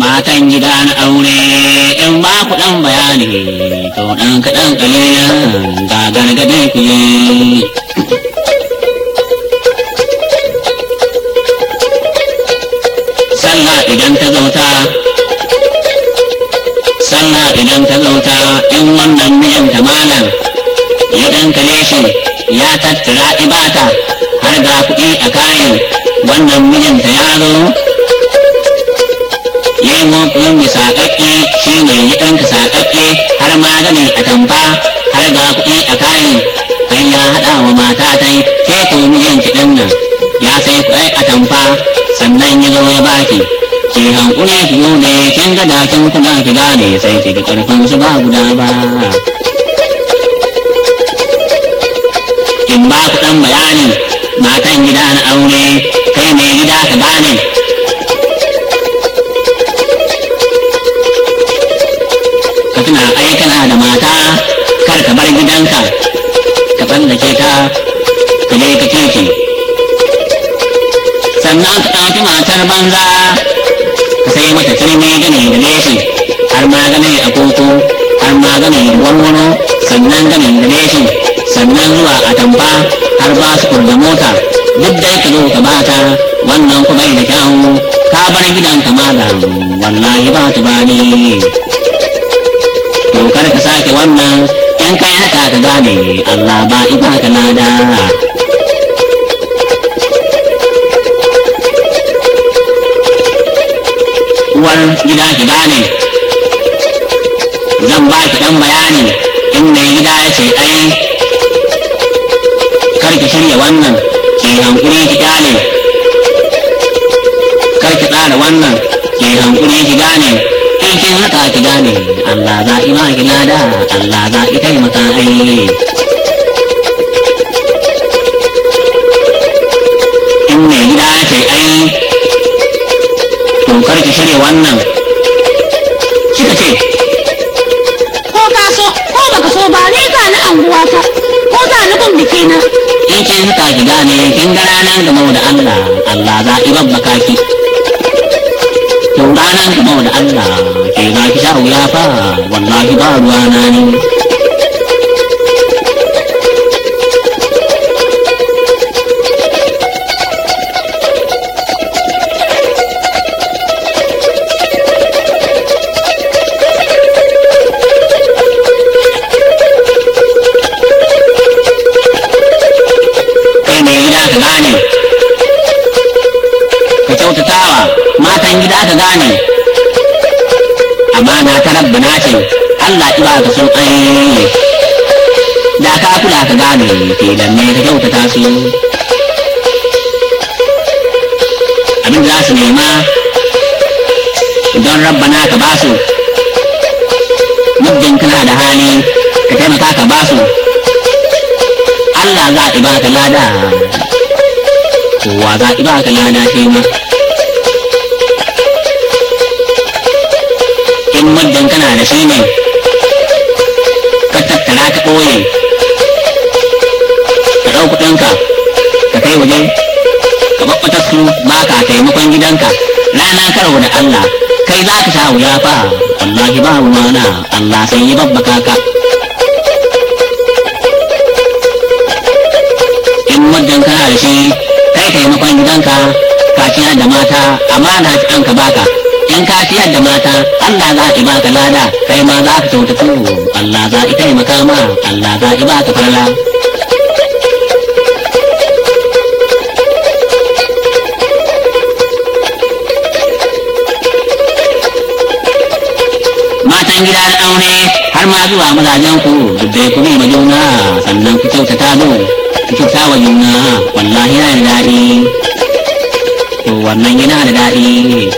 matan gida na aure in ba ku dan bayani to dan kaɗan kalilan ga gargaɗe ku sallah idan ta zauta sanna idan ta zauta in wannan miyan ta malam ya dan kale shi ya tattara ibata har ga kuɗi a kayan wannan mijinta ya zo janyo yi saƙaƙƙe shi ne gidanka saƙaƙƙe har a atamfa har ga kuɗi a kayan an ya haɗa wa mata ta yi ke mu yin kiɗan nan ya sai kuɗi atamfa sannan ya zo ya baki ki hankuli ki ne kin ga dakin kuma ki gane sai ki ga ƙarfin su ba guda ba. Kin ba ku ɗan bayani matan gida na aure kai mai gida ka gane suna ai kana da mata kar ka bar gidanka ka tsallake ta ka je ka titi sannan ka ɗauki matar banza ka sai mata turmi gane da leshi har ma gane a koko har ma gane da warwaro sannan gane da leshi sannan zuwa a tamfa har ba su kurda mota duk da ka zo ka bata wannan kuma da kyawu ka bar gidanka ma da wallahi ba ta bani to kar ka sake wannan in kai haka ka gane Allah ba ita ka lada uwar gida ki gane zan ba ki bayani in mai gida ya ce ai kar ki shirya wannan ke hankuri ki gane kar ki tsara wannan ki hankuri ki gane ya haka ki gane Allah za ki ba ki lada Allah za ki taimaka ai in mai gida ya ce ai to ki shirya wannan kika ce ko ka so ko baka so ba ne ka na anguwa ta ko ta ni gun biki na in kin haka ki gane kin ga ranar da da Allah Allah za ki babbaka ki to ranar da da Allah yaro ya fara wallahi ba ruwa na ne matan gida ka gane mana ta rabbi ce, Allah ki ba ka sun ayyane da ka kula ka gane ke da ne ka kyautata su abin za su nema don rabbana ka ba su muddin kana da hali ka taimaka ka ba su Allah za ki ba ka lada kowa za ki ba ka lada shi ma muddin kana da shi ne ka tattara ka ɓoye ka ɗau kuɗinka ka kai waje, ka ɓaɓɓata su ba ka taimakon gidanka rana karo da Allah kai za ka sha wuya fa Allah ki ba na Allah sai yi babba kaka in muddin kana da shi kai taimakon gidanka kaciya da mata amana ci ɗanka baka in ka da mata Allah za ki baka lada kai ma za ka kyauta ku. Allah za ki taimaka ma Allah za ki baka farla matan gida da aure har ma zuwa mazajen ku duk da ku ne juna sannan ku kyautata mu ku kyauta wa juna wallahi yana da daɗi wannan yana da daɗi